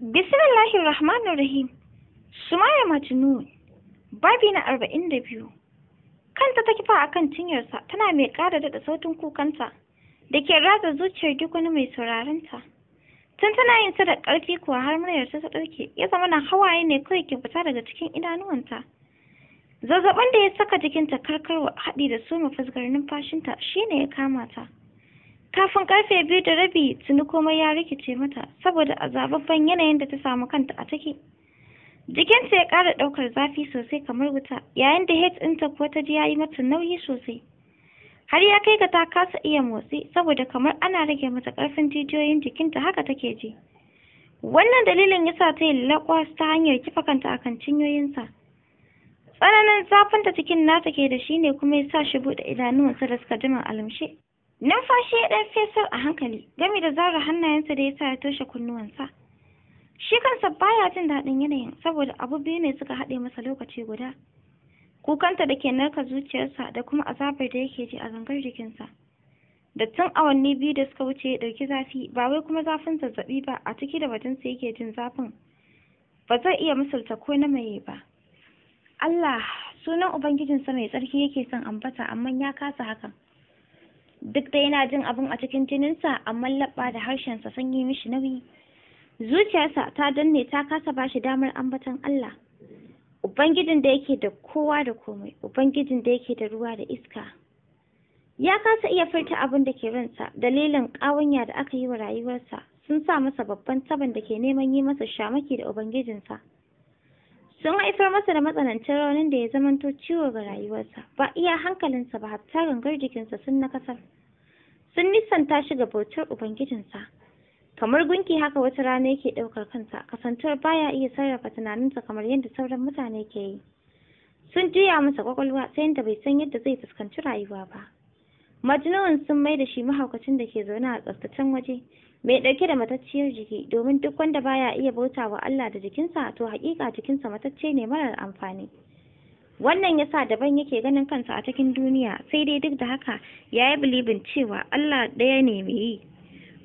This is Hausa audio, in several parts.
Bismillahir Rahmanir Rahim. Sumaya Majnun. Babi na arba'in da biyu. Kanta ta kifa akan cinyarsa tana mai kara daɗa sautin kukanta da ke ratsa zuciyar duk wani mai saurarenta. Tun tana yin ta da ƙarfi kuwa har muryarta ta dauke, ya zama na hawaye ne kawai ke fita daga cikin idanuwanta. Zazzaɓin da ya saka jikinta karkarwa haɗi da suma fasgar numfashinta shine ya kama ta. Kafin karfe biyu da rabi tuni komai ya rikice mata saboda azababban yanayin da ta samu kanta a take. Jikinta ya ƙara ɗaukar zafi sosai kamar wuta, yayin da het ɗinta kuwa ta ji ya yi mata nauyi sosai. Har ya kai ga ta kasa iya motsi saboda kamar ana rage mata ƙarfin jijiyoyin jikinta haka take ji. Wannan dalilin yasa ta yi laƙwas ta hanyar kifa kanta akan cinyoyinsa. Tsananin zafin da jikin nata ke da shi ne kuma ya sa shi buɗe idanunsa da suka jima alamshe. Numfashi ya ɗan fesar a hankali, game da zara hannayensa da ya sa ya toshe kunnuwansa. Shi kansa baya jin daɗin yanayin saboda abu biyu ne suka haɗe masa lokaci guda. Kukanta da ke narka zuciyarsa da kuma azabar da yake ji a gangar jikinsa. Da tun awanni biyu da suka wuce ya ɗauki zafi ba wai kuma zafin zazzaɓi ba a ciki da bajinsa yake jin zafin. Ba zai iya misalta ko na maye ba. Allah sunan Ubangijinsa mai tsarki yake son ambata amma ya kasa hakan. duk da yana jin abin a cikin jininsa amma laɓa da harshensa sun yi mishi nauyi zuciyarsa ta danne ta kasa ba shi damar ambatan Allah ubangijin da yake da kowa da komai ubangijin da yake da ruwa da iska ya kasa iya furta abin da ke ransa dalilin ƙawanya da aka yi wa rayuwarsa sun sa masa babban taban da ke neman yi masa shamaki da ubangijinsa sun haifar masa da matsanancin raunin da ya zamanto ciwo ga rayuwarsa ba iya hankalinsa ba hatta gangar jikinsa sun na kasar sun nisanta shi ga bautar ubangijinsa kamar gunki haka wata rana yake ɗaukar kansa kasantuwar baya iya sarrafa tunaninsa kamar yadda sauran mutane ke yi sun juya masa kwakwalwa ta da bai san yadda zai fuskanci rayuwa ba majnun sun mai da shi mahaukacin da ke zaune a tsaftacen waje mai ɗauke da matacciyar jiki domin duk wanda baya iya bauta wa Allah da jikinsa to haƙiƙa jikinsa matacce ne marar amfani wannan yasa daban yake ganin kansa a cikin duniya sai dai duk da haka ya yi bilibin cewa Allah ɗaya ne mai yi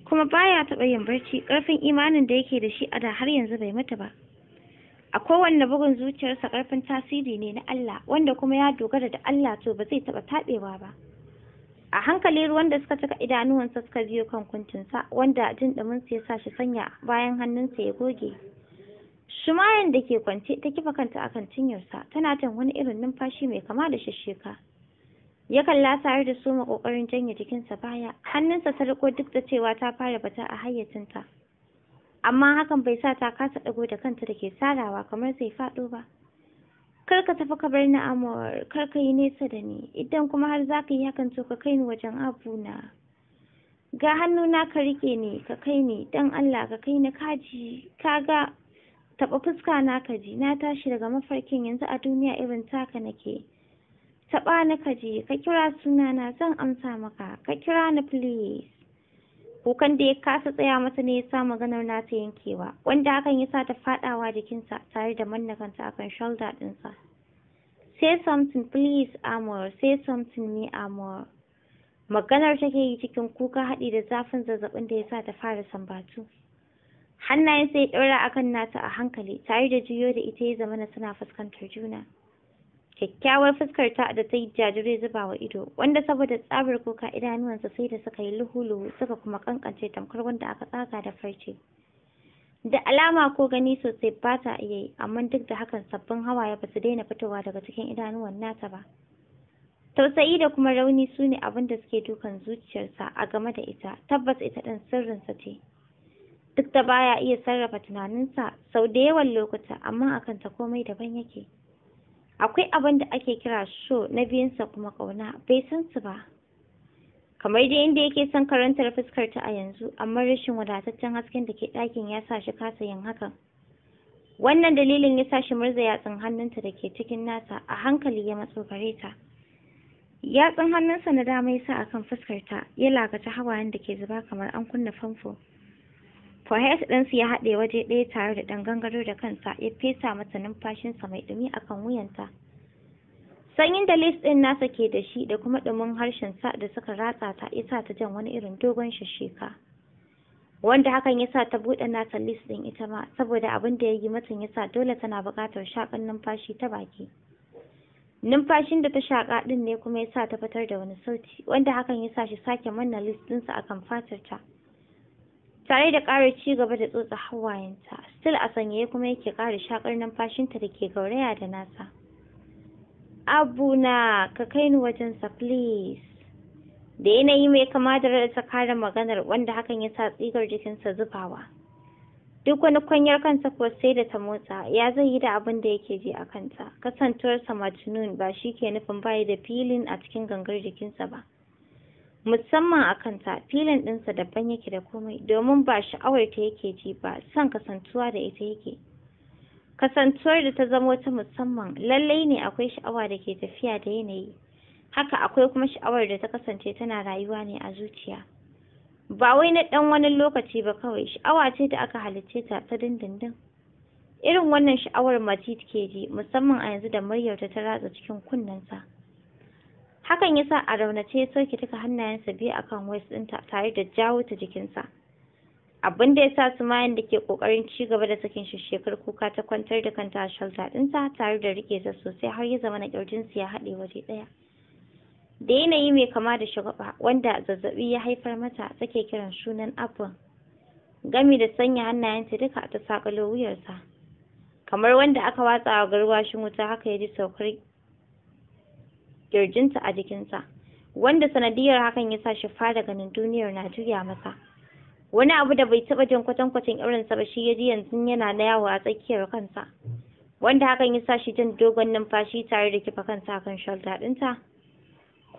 kuma baya taɓa yin barci ƙarfin imanin da yake da shi a da har yanzu bai mata ba a kowanne bugun zuciyarsa ƙarfin tasiri ne na Allah wanda kuma ya dogara da Allah to ba zai taɓa taɓewa ba a hankali ruwan da suka cika idanuwansa suka biyo kan kuncinsa wanda jin sa ya sa shi sanya bayan hannunsa ya goge shumayan da ke kwance ta kifa kanta a akan cinyarsa tana jan wani irin numfashi mai kama da shasheka ya kalla tare da su ma kokarin janye jikinsa baya hannunsa ta riko duk da cewa ta fara bata a hayyacinta amma hakan bai sa ta kasa ɗago da kanta da ke sarawa kamar zai faɗo ba kar ka tafi ka bar ni amur kar ka yi nesa da ni idan kuma har za ka yi hakan to ka kai ni wajen abuna ga hannuna ka rike ni ka kai ni dan Allah ka kai ni kaji ga! taba fuska na ka ji, na tashi daga mafarkin yanzu a duniya irin taka nake taba ni kaji ka kira sunana zan amsa maka ka kira ni please kukan da ya kasa tsaya masa ne ya sa maganar nata yankewa wanda hakan ya sa ta fadawa jikinsa tare da manna kanta akan shoulder ɗinsa say something please amor say something me amor maganar take yi cikin kuka haɗi da zafin zazzabin da ya sa ta fara sambatu hannayen sai ɗaura akan nata a hankali tare da juyo da ita ya zamana suna fuskantar juna kyakkyawar fuskar ta da ta yi jajire zuba wa ido wanda saboda tsabar kuka idanuwansa sai da suka yi luhu-luhu suka kuma kankance tamkar wanda aka tsaka da farce da alama ko gani sosai ba ta iya yi amma duk da hakan sabbin hawaye ba su daina fitowa daga cikin idanuwan nata ba tausayi da kuma rauni su ne abin da suke dukan zuciyarsa a game da ita tabbas ita ɗin sirrinsa ce duk da baya iya sarrafa tunaninsa sau da yawan lokuta amma akan ta komai daban yake akwai abin da ake kira so na biyunsa kuma ƙauna bai san su ba kamar dai inda yake son karantar fuskar ta a yanzu amma rashin wadataccen hasken da ke ɗakin ya sa shi kasa yin hakan wannan dalilin ya sa shi murza yatsun hannunta da ke cikin nasa a hankali ya matso gare ta yatsun hannunsa na dama ya sa akan fuskar ta ya lagaci hawayen da ke zuba kamar an kunna famfo Fahad su ya haɗe waje ɗaya tare da ɗan gangaro da kansa ya fesa mata numfashinsa mai ɗumi a kan wuyanta. Sanyin da lis ɗin nasa ke da shi da kuma ɗumin harshensa da suka ratsa ta ya sa ta jan wani irin dogon shasheka. Wanda hakan ya sa ta buɗe nasa lis ɗin ita ma saboda abin da ya yi matan ya sa dole tana buƙatar shaƙar numfashi ta baki. Numfashin da ta shaƙa ɗin ne kuma ya sa ta fitar da wani sauti wanda hakan ya sa shi sake manna Liz ɗinsa kan fatarta. ta. tare da ƙara ci gaba da tsotsa hawayenta still a sanyaye kuma yake ƙara shakar numfashinta da ke gauraya da nasa abuna ka kai ni wajensa please da yanayi mai kama da rada ta kare maganar wanda hakan ya sa tsigar jikinsa zubawa duk wani kwanyar kansa kuwa sai da ta motsa ya zai yi da abin da yake ji a kanta kasantuwarsa majnun ba shi ke nufin bayi da filin a cikin gangar jikinsa ba musamman a kanta filin ɗinsa daban yake da komai domin ba sha'awar ta yake ji ba son kasantuwa da ita yake kasantuwar da ta zamo ta musamman lallai ne akwai sha'awa da ke tafiya da yanayi haka akwai kuma sha'awar da ta kasance tana rayuwa ne a zuciya ba wai na ɗan wani lokaci ba kawai sha'awa ce da aka halicce ta ta dindindin irin wannan sha'awar majid ke ji musamman a yanzu da muryarta ta ratsa cikin kunnensa hakan ya sa a raunace ya soke duka hannayensa biyu a kan waist ɗinta tare da jawo ta jikinsa abin da ya sa sumayen da ke ƙoƙarin ci gaba da sakin shi shekar kuka ta kwantar da kanta a shalta ɗinta tare da riƙe ta sosai har ya zama na ƙirjinsu ya haɗe waje ɗaya da yanayi mai kama da shagaba wanda zazzaɓi ya haifar mata take kiran sunan abin gami da sanya hannayenta duka ta sakalo wuyarsa kamar wanda aka watsa a garwashin wuta haka ya ji saukar kirjinta a jikinsa wanda sanadiyar hakan ya sa shi fara ganin duniyar na juya masa wani abu da bai taɓa jin kwatankwacin irinsa ba shi ya ji yanzu yana na yawo a tsakiyar kansa wanda hakan ya sa shi jin dogon numfashi tare da kifa kansa kan shalda ɗinta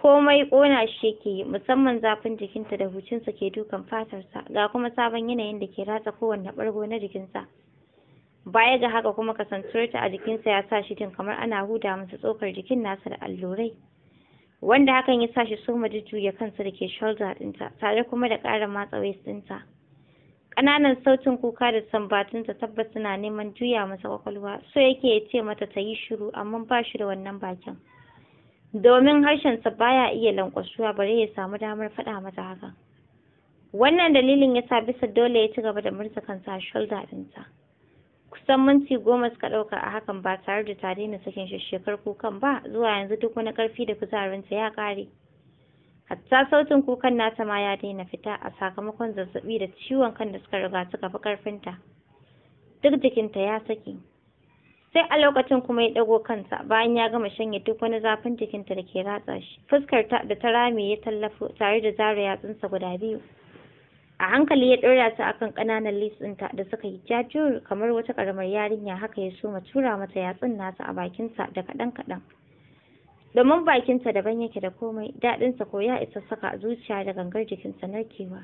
komai ƙona shi yake yi musamman zafin jikinta da hucinsa ke dukan fatarsa ga kuma sabon yanayin da ke ratsa kowanne ɓargo na jikinsa baya ga haka kuma kasantuwar ta a jikinsa ya sa shi jin kamar ana huda masa tsokar jikin nasa da allurai wanda hakan ya sa shi so soma jujjuya kansa da ke shoulder ɗinta tare kuma da ƙara matsa waist ɗinta ƙananan sautin kuka da sambatunta tabbas suna neman juya masa kwakwalwa so yake ya ce mata ta yi shiru amma ba shi da wannan bakin domin harshensa baya iya lankwasuwa bare ya samu damar faɗa mata haka wannan dalilin ya sa bisa dole ya ci gaba da murza kansa a shoulder dinta kusan minti goma suka ɗauka a hakan ba tare da ta daina sakin shekar kukan ba zuwa yanzu duk wani ƙarfi da kuzarinta ya ƙare hatta sautin kukan nata ma ya daina fita a sakamakon zazzaɓi da ciwon kan da suka riga suka fi ƙarfinta duk jikinta ya saki sai a lokacin kuma ya ɗago kansa bayan ya gama shanye duk wani zafin jikinta da ke ratsa shi fuskarta da ta rame ya tallafo tare da zara yatsunsa guda biyu a hankali ya ɗora ta akan ƙananan litsinta da suka yi jajiyar kamar wata ƙaramar yarinya haka ya soma tura mata yatsun nasa a bakinsa da kaɗan-kaɗan domin bakinta daban yake da komai daɗinsa ko ya isa saka zuciya da gangar jikinsa narkewa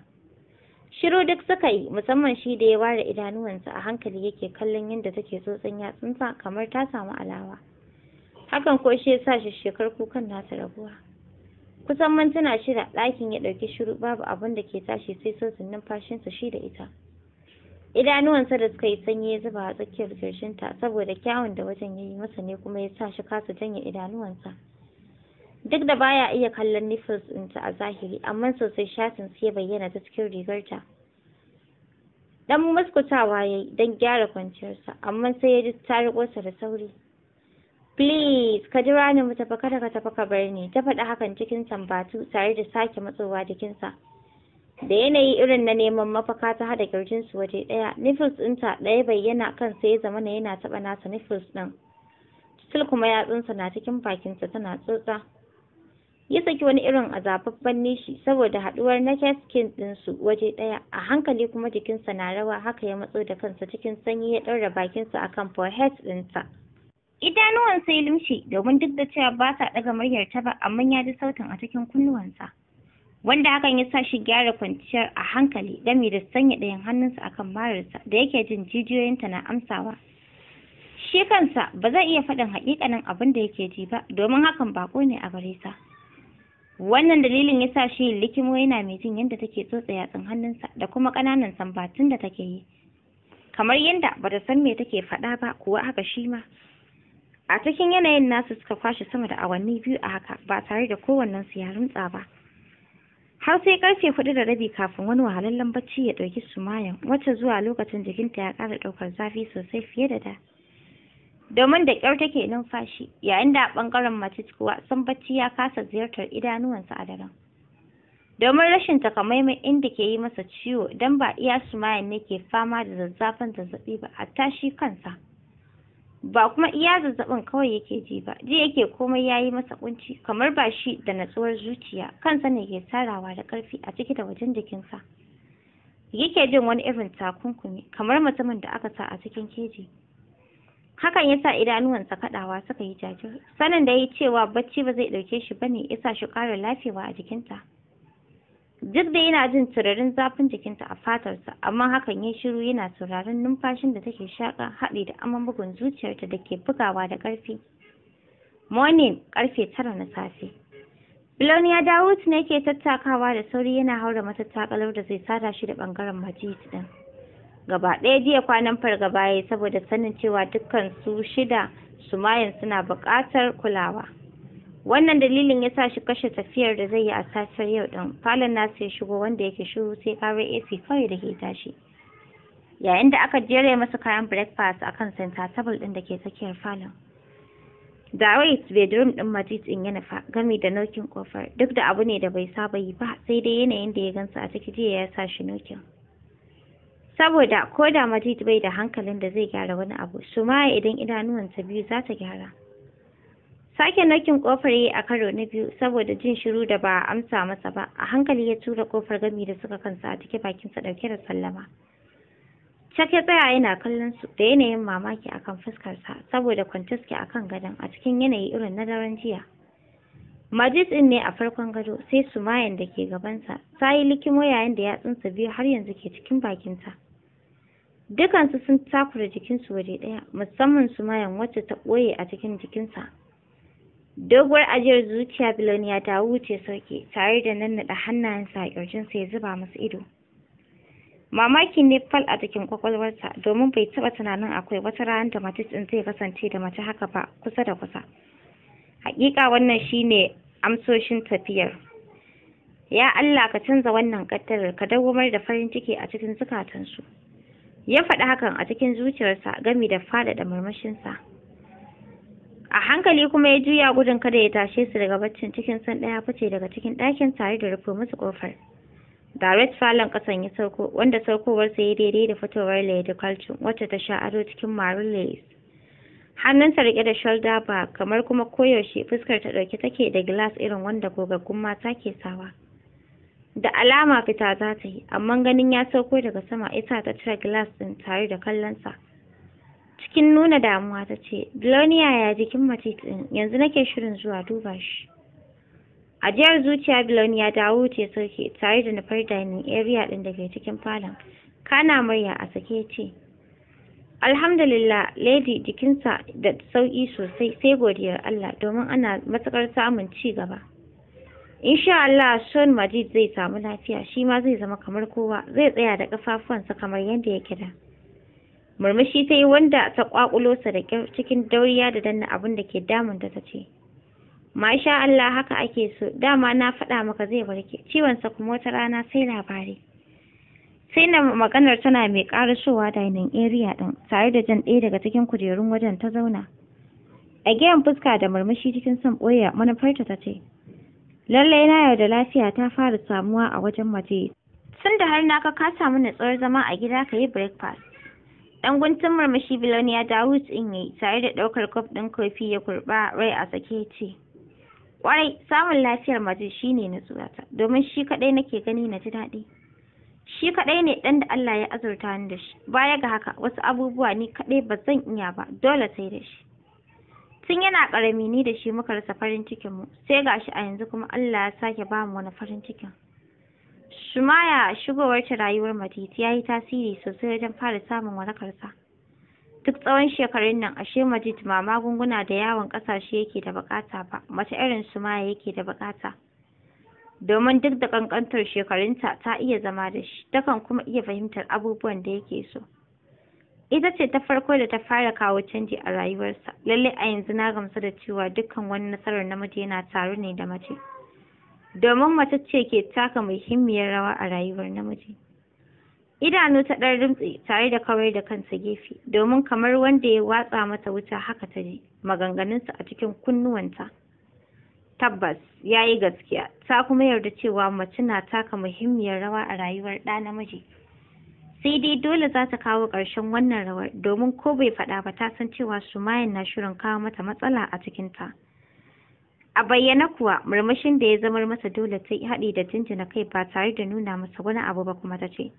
shiru duk suka yi musamman shi da ya ware idanuwansa a hankali yake kallon yadda take tsotsin yatsunsa kamar ta samu alawa hakan ko shi ya sa shi shekar kukan nasa rabuwa kusan mintuna shida ɗakin ya ɗauki shiru babu abin da ke tashi sai sosin numfashinsa shi da ita idanuwansa da suka yi sanyi ya zuba a tsakiyar kirjinta saboda kyawun da wajen ya yi masa ne kuma ya sa shi kasa janye idanuwansa duk da baya iya kallon nipples ɗinta a zahiri amma sosai shatin su ya bayyana ta cikin rigarta dan muskutawa ya yi don gyara kwanciyarsa amma sai ya ji ta da sauri Please, ka jira ni mu tafi kada ka tafi ka bar ni, ta faɗi hakan cikin sambatu tare da sake matsowa jikinsa. Da yanayi irin na neman mafaka ta hada kirjinsu waje ɗaya, nipples ɗinta ɗaya bayyana kan sai ya zama na yana taɓa nasa nipples ɗin. Still kuma yatsunsa na cikin bakinsa tana tsotsa. Ya saki wani irin azababban nishi saboda haɗuwar na skin ɗinsu waje ɗaya, a hankali kuma jikinsa na rawa haka ya matso da kansa cikin sanyi ya ɗaura bakinsa akan forehead ɗinsa. Idanuwan sai limshe domin duk da cewa ba sa ɗaga muryar ta ba amma ya ji sautin a cikin kunnuwansa. Wanda hakan ya sa shi gyara kwanciyar a hankali gami da sanya ɗayan hannunsa akan mararsa da yake jin jijiyoyinta na amsawa. Shi kansa ba zai iya faɗin haƙiƙanin abin da yake ji ba domin hakan baƙo ne a gare sa. Wannan dalilin ya sa shi likimo yana mai jin yadda take tsotsa yatsun hannunsa da kuma ƙananan sambatun da take yi. Kamar yadda ba ta san me take faɗa ba kuwa haka shi ma. a cikin yanayin nasu suka kwashe sama da awanni biyu a haka ba tare da kowannensu ya runtsa ba har sai karfe hudu da rabi kafin wani wahalallen bacci ya ɗauki sumayan wacce zuwa lokacin jikinta ya kara ɗaukar zafi sosai fiye da da domin da ƙyar take numfashi yayin da a ɓangaren mace kuwa san bacci ya kasa ziyartar idanuwansa a daren domin rashin takamaiman inda ke yi masa ciwo don ba iya sumayan ne ke fama da zazzafin zazzabi ba a tashi kansa ba kuma iya zazzabin kawai yake ji ba ji yake komai yayi masa kunci kamar ba shi da natsuwar zuciya kansa ne ke sarawa da karfi a ciki da wajen jikinsa yake jin wani irin takunkumi kamar mutumin da aka sa a cikin keji hakan ya sa idanuwansa kaɗawa suka yi jajir sanin da ya yi cewa bacci ba zai ɗauke shi bane ya sa shi ƙara lafewa a jikinta duk da yana jin turarin zafin jikinta a fatarsa amma hakan ya shiru yana sauraron numfashin da take shaka haɗi da aman bugun zuciyarta da ke bugawa da ƙarfi morning ƙarfe tara na safe Bilon ya dawo ne ke tattakawa da sauri yana haura matattakalar da zai sada shi da ɓangaren majid ɗin gaba ɗaya jiya kwanan fargaba ya saboda sanin cewa dukkan su shida sumayen suna buƙatar kulawa wannan dalilin ya sa shi kashe tafiyar da zai yi a safiyar yau ɗin, falon nasu ya shigo wanda yake shiru sai karar ac kawai da ke tashi yayin da aka jere masa kayan breakfast akan center table din da ke tsakiyar falon Da Dawait bedroom din Majid din ya nufa gami da nokin kofar duk da abu ne da bai saba yi ba sai dai yanayin da ya gansa a ciki jiya ya sa shi nokin saboda ko da Majid bai da hankalin da zai gyara wani abu su ma idan idanuwansa biyu za ta gyara Sake nakin kofar yi a karo na biyu saboda jin shiru da ba a amsa masa ba. A hankali ya tura kofar gami da suka kansa a take bakinsa dauke da sallama. Cak ya tsaya yana kallon su da yanayin mamaki akan fuskarsa saboda kwantaske akan gadon a cikin yanayi irin na daren jiya. majis din ne a farkon gado sai su mayen da ke gabansa ta yi likimo yayin da yatsunsa biyu har yanzu ke cikin bakinta. Dukansu sun takura jikinsu waje ɗaya musamman su mayan wacce ta ɓoye a cikin jikinsa doguwar ajiyar zuciya biloniya ta wuce sauke tare da nannaɗa hannayensa a ƙirjinsa ya zuba masu ido mamaki ne fal a cikin kwakwalwarsa domin bai taɓa tunanin akwai wata ranar da mace zai kasance da mace haka ba kusa da kusa hakika wannan shine amsoshin tafiyar ya Allah ka canza wannan kaddarar ka dawwamar da farin ciki a cikin zukatansu ya faɗi hakan a cikin zuciyarsa gami da faɗaɗa murmushinsa a hankali kuma ya juya gudun kada ya tashe su daga baccin cikin san ɗaya fice daga cikin ɗakin tare da rufe musu kofar direct falon ƙasan ya sauko wanda saukowar sa ya daidai da fitowar lady culture wacce ta sha ado cikin marun lace hannunsa rike da shoulder bag kamar kuma koyaushe fuskar ta ɗauke take da glass irin wanda gogaggun mata ke sawa da alama fita za ta yi amma ganin ya sauko daga sama isa ta cire glass ɗin tare da kallonsa cikin nuna damuwa ta ce Bilonia ya jikin mace ɗin yanzu nake shirin zuwa duba shi a ajiyar zuciya Bilonia ta wuce sarki tare da nufar dining area ɗin da ke cikin falon kana murya a sake ce alhamdulillah lady jikinsa da sauƙi sosai sai godiyar Allah domin ana matuƙar samun ci gaba insha Allah son Majid zai samu lafiya shi ma zai zama kamar kowa zai tsaya da ƙafafuwansa kamar yadda yake da. murmushi ta yi wanda ta kwakulo sa da cikin dauriya da danna abin da ke damun ta tace masha Allah haka ake so dama na faɗa maka zai barke ciwon sa kuma wata rana sai labari sai na maganar tana mai ƙarasowa dining area din tare da jan ɗaya daga cikin kujerun wajen ta zauna a gefen fuska da murmushi cikin son ɓoye manufarta ta ce lallai na yarda lafiya ta fara samuwa a wajen mace Tunda har na ka samu natsuwar zama a gida ka yi breakfast Dan guntun murmushi Biloniya Dawud in yi tare da ɗaukar kwaf ɗin kofi ya kurɓa rai a sake ce. Kwarai, samun lafiyar shi ne na tsorata, domin shi kaɗai nake gani na ji daɗi. Shi kaɗai ne ɗan da Allah ya azurta ni da shi, baya ga haka wasu abubuwa ni kaɗai ba zan iya ba, dole sai da shi. Tun yana ƙarami ni da shi muka rasa farin cikinmu, sai gashi a yanzu kuma Allah ya sake bamu wani farin cikin. Shumaya shigowar ta rayuwar Matiti ya yi tasiri sosai wajen fara samun warakarsa. Duk tsawon shekarun nan ashe Majid ma magunguna da yawon ƙasashe yake da bukata ba, mace irin Shumaya yake da bukata Domin duk da ƙanƙantar shekarunta ta iya zama da shi, takan kuma iya fahimtar abubuwan da yake so. Ita ce ta farko da ta fara kawo canji a rayuwarsa, lallai a yanzu na gamsu da cewa dukkan wani nasarar namiji yana taru ne da mace. domin mace ce ke taka muhimmiyar rawa a rayuwar namiji idanu ta ɗan rimtsi, tare da kawai da kansa gefe domin kamar wanda ya watsa mata wuta haka ta ji maganganunsa a cikin kunnuwanta tabbas ya yi gaskiya ta kuma yarda cewa mace na taka muhimmiyar rawa a rayuwar ɗa namiji sai dai dole za ta kawo ƙarshen wannan rawar domin ko bai faɗa ba ta san cewa sumayen na shirin kawo mata matsala a cikinta. ta A bayyana kuwa, murmushin da ya zamar masa dole ta yi haɗi da jinjina kai ba tare da nuna masa wani abu ba kuma ta ce.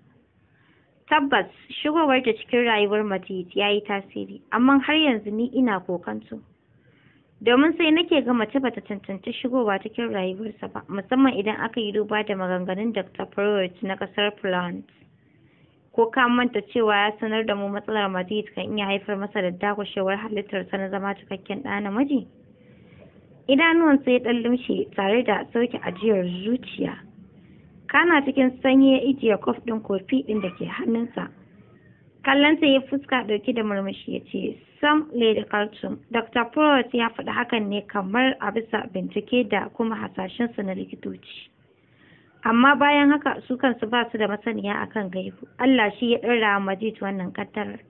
Tabbas, shigowar da cikin rayuwar Majid ya yi tasiri, amma har yanzu ni ina kokanto. Domin sai nake ga mace bata cancanci shigowa cikin rayuwarsa ba, musamman idan aka yi duba da maganganun Dr. Pruitt na ƙasar Plant. Ko ka manta cewa ya sanar da mu matsalar Majid kan iya haifar masa da dakushewar halittarsa na zama cikakken ɗa namiji? idanuwansa ya ɗan lumshe tare da sauke ajiyar zuciya kana cikin sanyi ya ijiye kwaf ɗin kofi ɗin da ke hannunsa kallonsa ya fuska ɗauki da murmushi ya ce sam lady carlton dr prowett ya faɗi hakan ne kamar a bisa bincike da kuma hasashensa na likitoci amma bayan haka su kansu ba su da masaniya akan gaibu allah shi ya ɗora majid wannan kattar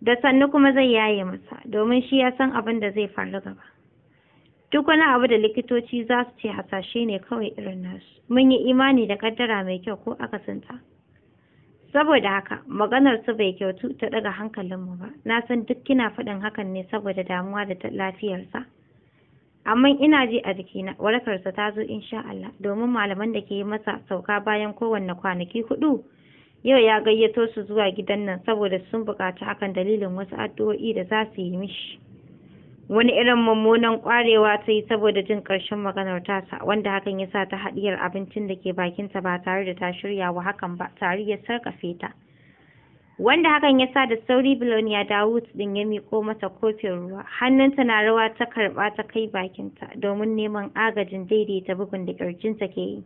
da sannu kuma zai yaye masa domin shi ya san abin da zai faru gaba Duk wani abu da likitoci za su ce hasashe ne kawai irin nasu. Mun yi imani da kaddara mai kyau ko akasinta. Saboda haka, maganar su bai kyautu ta daga hankalinmu ba. Na san duk kina faɗin hakan ne saboda damuwa da ta lafiyarsa. amma ina ji a jikina warakarsa ta zo insha Allah domin malaman da ke yi masa sauka bayan kowanne kwanaki hudu yau ya gayyato su zuwa gidan nan saboda sun buƙaci hakan dalilin wasu addu'o'i da za su yi mishi wani irin mummunan kwarewa ta yi saboda jin ƙarshen maganar tasa wanda hakan ya sa ta haɗiyar abincin da ke bakinta ba tare da ta shirya wa hakan ba tare ya sarkafe ta wanda hakan ya sa da sauri da dawud din ya miko mata kofin ruwa hannunta na rawa ta karɓa ta kai bakinta domin neman agajin daidaita bugun da ƙirjinta ke yi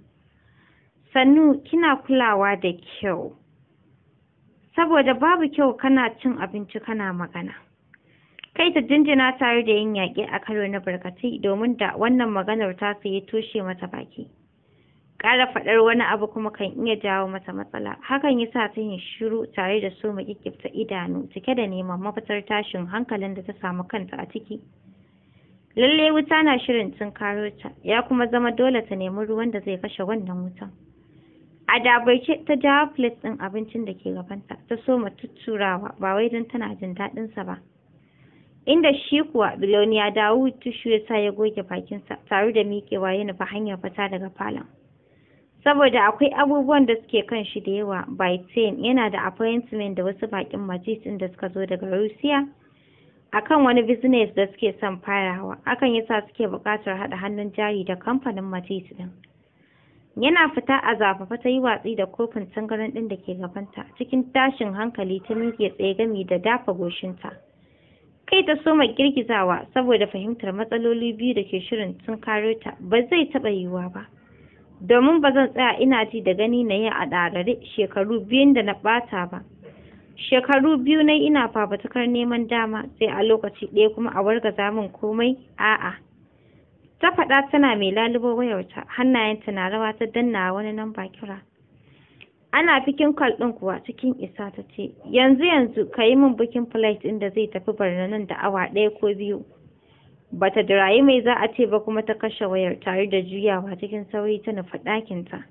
sannu kina kulawa da kyau saboda babu kyau kana cin abinci kana magana kai ta jinjina tare da yin yaƙi a karo na barkatai domin da wannan maganar ta sayi toshe mata baki ƙara faɗar wani abu kuma kan iya jawo mata matsala hakan ya sa ta yin shiru tare da so mu ta idanu cike da neman mafitar tashin hankalin da ta samu kanta a ciki lalle wuta na shirin tun karo ta ya kuma zama dole ta nemi ruwan da zai kashe wannan wutan a dabaice ta jawo plate ɗin abincin da ke gabanta ta so ma tutturawa, ba wai don tana jin daɗinsa ba inda shi kuwa biloniya dawo tushu ya sa ya goge bakinsa tare da miƙewa ya nufa hanyar fita daga falon. Saboda akwai abubuwan da suke kan shi da yawa, by yana da appointment da wasu bakin majis da suka zo daga Rusiya akan wani business da suke son farawa, akan yasa suke buƙatar haɗa hannun jari da kamfanin majis ɗin. Yana fita a zafafa ta yi watsi da kofin tangaran ɗin da ke gabanta cikin tashin hankali ta miƙe tsaye gami da dafa goshinta. kai ta soma girgizawa saboda fahimtar matsaloli biyu da ke shirin sun kare ta ba zai taɓa yiwuwa ba domin ba zan tsaya ina ji da gani na yi a ɗarare shekaru biyun da na ɓata ba shekaru biyu na ina fafutukar neman dama sai a lokaci ɗaya kuma a wargaza min komai a'a ta faɗa tana mai lalubo wayarta hannayenta na rawa ta danna wani namba kira ana bikin kwal ɗin kuwa cikin isa ta ce yanzu yanzu ka yi min bikin flight ɗin da zai tafi barna nan da awa ɗaya ko biyu bata dirayi mai za a ce ba kuma ta kashe wayar tare da juyawa cikin sauri ta nufi ɗakinta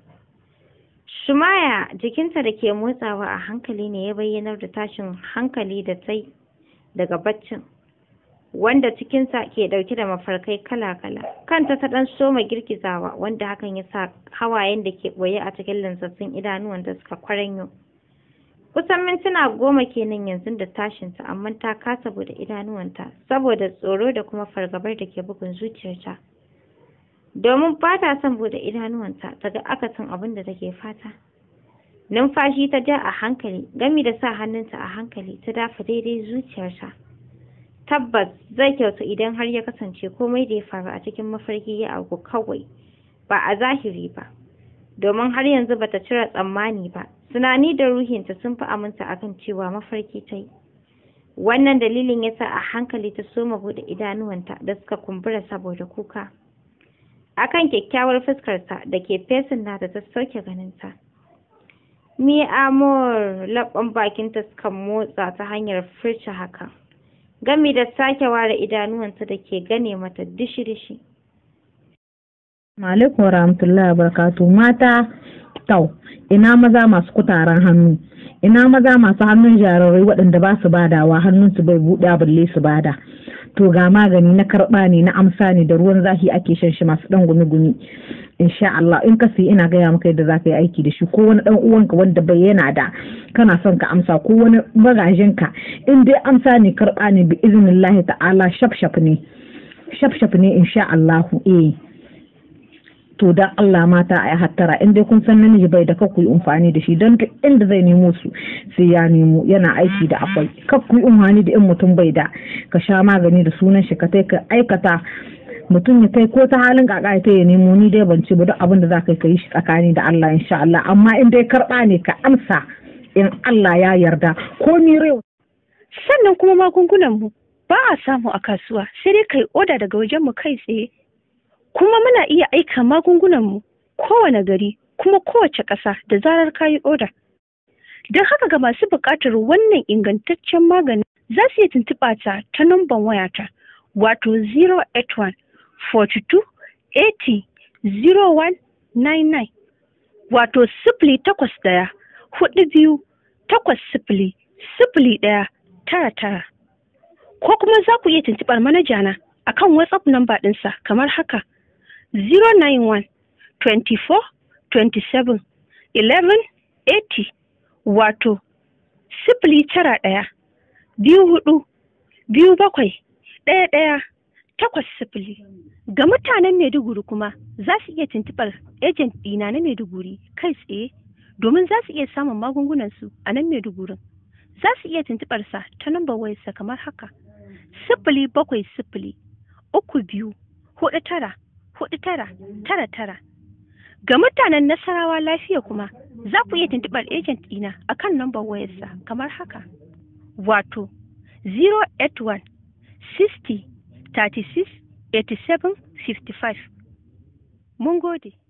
shumaya jikinta da ke motsawa a hankali ne ya bayyanar da tashin hankali da tai daga baccin wanda cikinsa ke ɗauke da mafarkai kala-kala kanta ta ɗan soma girgizawa wanda hakan ya sa hawayen da ke ɓoye a cikin lantsassun idanuwanta suka kwaranyo kusan mintuna goma kenan yanzu da tashinta amma ta kasa bude idanuwanta saboda tsoro da kuma fargabar da ke bugun zuciyarta domin ba ta son bude idanuwanta ta ga akasin abin da take fata numfashi ta ja a hankali gami da sa hannunta a hankali ta dafa daidai zuciyarta tabbas zai kyautu idan har ya kasance komai da ya faru a cikin mafarki ya auku kawai ba a zahiri ba domin har yanzu bata cire tsammani ba tunani da ruhinta sun fi aminta akan cewa mafarki ta yi wannan dalilin ya sa a hankali ta soma buɗe idanuwanta da suka kumbura saboda kuka akan kyakkyawar fuskarta da ke fesin nata ta sauke ganinta mi amor labban bakinta suka motsa ta hanyar furce hakan gami da sake ware idanuwansa da ke gane mata dishi-dishi. Malikun rahmatullahi barkatu mata tau ina maza masu kutaren hannu ina maza masu hannun jarirai waɗanda ba su badawa hannunsu bai buɗe balle su bada to ga magani na karɓa ne na amsa ne da ruwan zafi ake shan shi masu ɗan gumi-gumi insha Allah in ka siya ina gaya maka yadda za ka yi aiki da shi ko wani dan uwanka wanda bai yana da kana son ka amsa ko wani ka in dai amsa ne karba ne bi Allah ta'ala shafshaf ne shafshaf ne insha Allah eh to dan Allah mata a hattara in dai kun san namiji bai da ku yi amfani da shi don inda zai nemo su sai ya nemo yana aiki da akwai kakku yi amfani da in mutum bai da ka sha magani da sunan shi ka kai ka aikata mutum ya kai ko ta halin kaka ya ta yi, nemo ni dai ban ci ba duk abin da za ka yi shi tsakani da Allah insha Allah amma in dai karɓa ne ka amsa in Allah ya yarda ko ni rewa. Sannan kuma magungunan mu ba a samu a kasuwa sai dai kai oda daga wajen mu kai tsaye. Kuma muna iya aika magungunan mu kowane gari kuma kowace ƙasa da zarar kayi oda. Don haka ga masu buƙatar wannan ingantaccen magani za su iya tuntuɓa ta ta numban wayata wato 081 42 80 0199 wato sifili takwas daya hudu biyu takwas sifili sifili daya tara tara ko kuma za ku iya tuntuɓar manaja na a kan whatsapp namba ɗinsa kamar haka 091 24 27 11 80 wato sifili tara ɗaya biyu hudu biyu bakwai ɗaya ɗaya takwas sifili Ga mutanen Maiduguri kuma za su iya tuntuɓar ejent dina na Maiduguri kai tsaye domin za su iya samun magungunan su a nan maiduguri Za su iya sa ta lambar wayarsa kamar haka. Sifili bakwai sifili uku biyu hudu tara hudu tara tara tara. Ga mutanen Nasarawa lafiya kuma za ku iya tuntuɓar ejent dina akan kan nambar wayarsa kamar haka. Wato 081 60 36 87 55